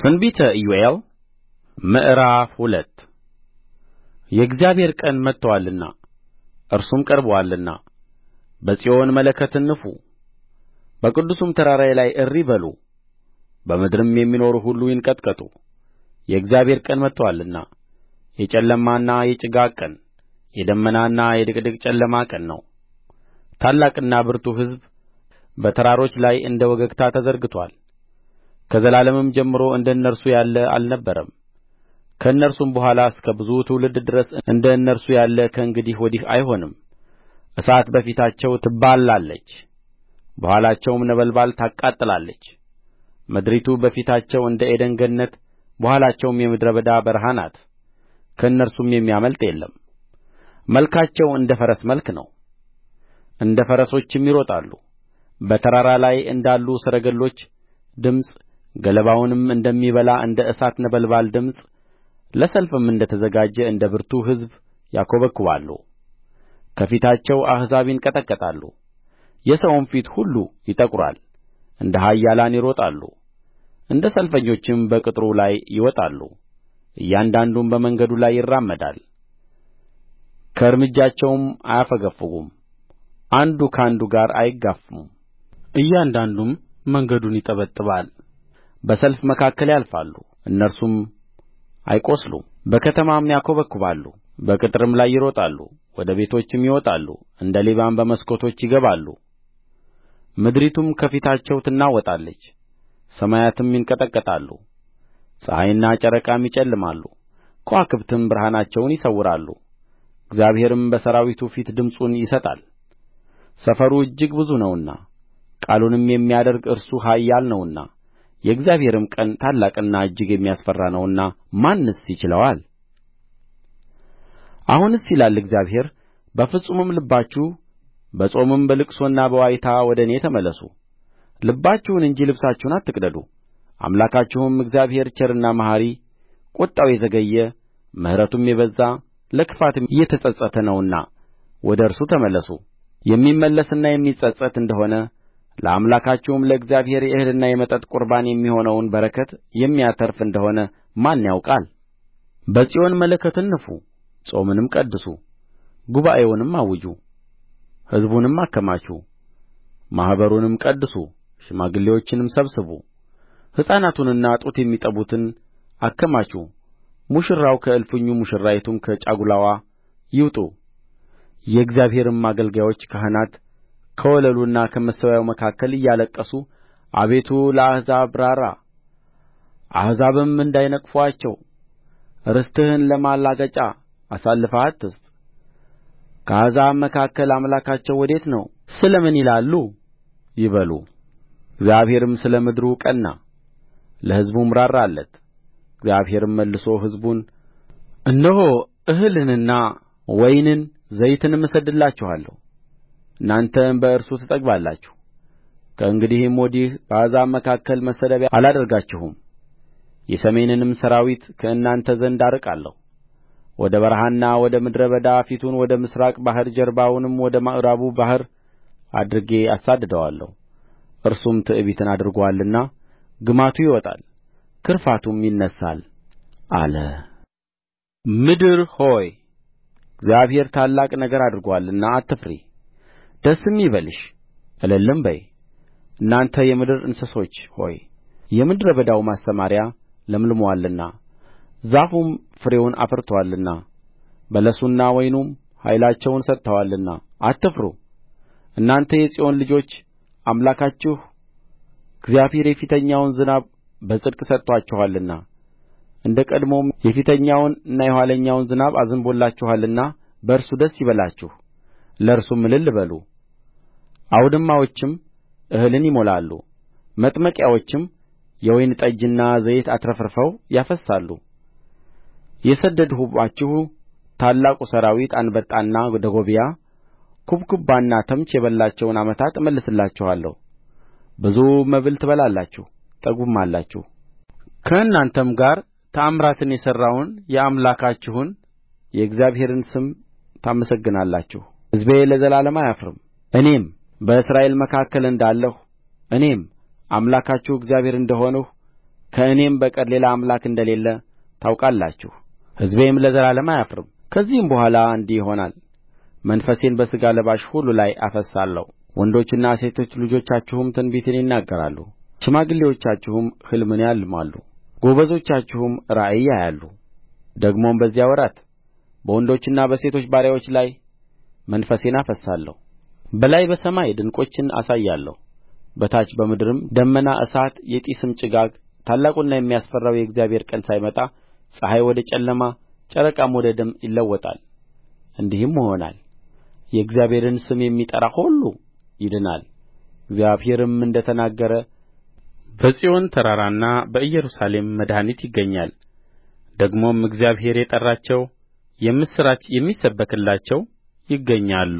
ትንቢተ ኢዮኤል ምዕራፍ ሁለት የእግዚአብሔር ቀን መጥቶአልና እርሱም ቀርቦአልና በጽዮን መለከትን ንፉ በቅዱሱም ተራራዬ ላይ እሪ በሉ በምድርም የሚኖሩ ሁሉ ይንቀጥቀጡ የእግዚአብሔር ቀን መጥቶአልና የጨለማና የጭጋግ ቀን የደመናና የድቅድቅ ጨለማ ቀን ነው ታላቅና ብርቱ ሕዝብ በተራሮች ላይ እንደ ወገግታ ተዘርግቶአል ከዘላለምም ጀምሮ እንደ እነርሱ ያለ አልነበረም ከእነርሱም በኋላ እስከ ብዙ ትውልድ ድረስ እንደ እነርሱ ያለ ከእንግዲህ ወዲህ አይሆንም እሳት በፊታቸው ትባላለች በኋላቸውም ነበልባል ታቃጥላለች ምድሪቱ በፊታቸው እንደ ዔድን ገነት በኋላቸውም የምድረ በዳ በረሃ ናት ከእነርሱም የሚያመልጥ የለም መልካቸው እንደ ፈረስ መልክ ነው እንደ ፈረሶችም ይሮጣሉ በተራራ ላይ እንዳሉ ሰረገሎች ድምፅ ገለባውንም እንደሚበላ እንደ እሳት ነበልባል ድምፅ ለሰልፍም እንደ ተዘጋጀ እንደ ብርቱ ሕዝብ ያኰበኵባሉ ከፊታቸው አሕዛብ ይንቀጠቀጣሉ የሰውም ፊት ሁሉ ይጠቁራል እንደ ኃያላን ይሮጣሉ እንደ ሰልፈኞችም በቅጥሩ ላይ ይወጣሉ እያንዳንዱም በመንገዱ ላይ ይራመዳል ከእርምጃቸውም አያፈገፍጉም አንዱ ከአንዱ ጋር አይጋፉም እያንዳንዱም መንገዱን ይጠበጥባል በሰልፍ መካከል ያልፋሉ እነርሱም አይቈስሉም በከተማም ያኰበኵባሉ በቅጥርም ላይ ይሮጣሉ ወደ ቤቶችም ይወጣሉ እንደ ሌባም በመስኮቶች ይገባሉ ምድሪቱም ከፊታቸው ትናወጣለች ሰማያትም ይንቀጠቀጣሉ ፀሐይና ጨረቃም ይጨልማሉ ከዋክብትም ብርሃናቸውን ይሰውራሉ እግዚአብሔርም በሠራዊቱ ፊት ድምፁን ይሰጣል ሰፈሩ እጅግ ብዙ ነውና ቃሉንም የሚያደርግ እርሱ ኃያል ነውና የእግዚአብሔርም ቀን ታላቅና እጅግ የሚያስፈራ ነውና ማንስ ይችለዋል አሁንስ ይላል እግዚአብሔር በፍጹምም ልባችሁ በጾምም በልቅሶና በዋይታ ወደ እኔ ተመለሱ ልባችሁን እንጂ ልብሳችሁን አትቅደዱ አምላካችሁም እግዚአብሔር ቸርና መሐሪ ቍጣው የዘገየ ምሕረቱም የበዛ ለክፋትም የተጸጸተ ነውና ወደ እርሱ ተመለሱ የሚመለስና የሚጸጸት እንደ ሆነ ለአምላካችሁም ለእግዚአብሔር የእህልና የመጠጥ ቍርባን የሚሆነውን በረከት የሚያተርፍ እንደ ሆነ ማን ያውቃል በጽዮን መለከትን ንፉ ጾምንም ቀድሱ ጉባኤውንም አውጁ ሕዝቡንም አከማቹ ማኅበሩንም ቀድሱ ሽማግሌዎችንም ሰብስቡ ሕፃናቱንና ጡት የሚጠቡትን አከማቹ ሙሽራው ከእልፍኙ ሙሽራይቱም ከጫጉላዋ ይውጡ የእግዚአብሔርም አገልጋዮች ካህናት ከወለሉና ከመሠዊያው መካከል እያለቀሱ አቤቱ ለአሕዛብ ራራ አሕዛብም እንዳይነቅፉአቸው ርስትህን ለማላገጫ አሳልፈህ አትስጥ ከአሕዛብ መካከል አምላካቸው ወዴት ነው ስለ ምን ይላሉ ይበሉ እግዚአብሔርም ስለ ምድሩ ቀና ለሕዝቡም ራራለት እግዚአብሔርም መልሶ ሕዝቡን እነሆ እህልንና ወይንን ዘይትንም እሰድድላችኋለሁ እናንተም በእርሱ ትጠግባላችሁ ከእንግዲህም ወዲህ በአሕዛብ መካከል መሰደቢያ አላደርጋችሁም የሰሜንንም ሠራዊት ከእናንተ ዘንድ አርቃለሁ ወደ በረሃና ወደ ምድረ በዳ ፊቱን ወደ ምሥራቅ ባሕር ጀርባውንም ወደ ምዕራቡ ባሕር አድርጌ አሳድደዋለሁ እርሱም ትዕቢትን አድርጎአልና ግማቱ ይወጣል ክርፋቱም ይነሣል አለ ምድር ሆይ እግዚአብሔር ታላቅ ነገር አድርጎአልና አትፍሪ ደስም ይበልሽ እልልም በዪ እናንተ የምድር እንስሶች ሆይ የምድረ በዳው ማሰማርያ ለምልሞአልና ዛፉም ፍሬውን አፍርቶአልና በለሱና ወይኑም ኃይላቸውን ሰጥተዋልና አትፍሩ እናንተ የጽዮን ልጆች አምላካችሁ እግዚአብሔር የፊተኛውን ዝናብ በጽድቅ ሰጥቶአችኋልና እንደ ቀድሞም የፊተኛውንና የኋለኛውን ዝናብ አዝንቦላችኋልና በእርሱ ደስ ይበላችሁ ለእርሱም እልል በሉ አውድማዎችም እህልን ይሞላሉ መጥመቂያዎችም የወይን ጠጅና ዘይት አትረፍርፈው ያፈስሳሉ የሰደድሁባችሁ ታላቁ ሠራዊት አንበጣና ደጎብያ ኩብኩባና ተምች የበላቸውን ዓመታት እመልስላችኋለሁ ብዙ መብል ትበላላችሁ ትጠግቡማላችሁ ከእናንተም ጋር ተአምራትን የሠራውን የአምላካችሁን የእግዚአብሔርን ስም ታመሰግናላችሁ ሕዝቤ ለዘላለም አያፍርም እኔም በእስራኤል መካከል እንዳለሁ እኔም አምላካችሁ እግዚአብሔር እንደ ሆንሁ ከእኔም በቀር ሌላ አምላክ እንደሌለ ታውቃላችሁ ሕዝቤም ለዘላለም አያፍርም ከዚህም በኋላ እንዲህ ይሆናል መንፈሴን በሥጋ ለባሽ ሁሉ ላይ አፈስሳለሁ ወንዶችና ሴቶች ልጆቻችሁም ትንቢትን ይናገራሉ ሽማግሌዎቻችሁም ሕልምን ያልማሉ ጐበዞቻችሁም ራእይ ያያሉ ደግሞም በዚያ ወራት በወንዶችና በሴቶች ባሪያዎች ላይ መንፈሴን አፈስሳለሁ በላይ በሰማይ ድንቆችን አሳያለሁ በታች በምድርም ደመና እሳት የጢስም ጭጋግ ታላቁና የሚያስፈራው የእግዚአብሔር ቀን ሳይመጣ ፀሐይ ወደ ጨለማ ጨረቃም ወደ ደም ይለወጣል እንዲህም ይሆናል የእግዚአብሔርን ስም የሚጠራ ሁሉ ይድናል እግዚአብሔርም እንደ ተናገረ በጽዮን ተራራና በኢየሩሳሌም መድኃኒት ይገኛል ደግሞም እግዚአብሔር የጠራቸው የምስራች የሚሰበክላቸው ይገኛሉ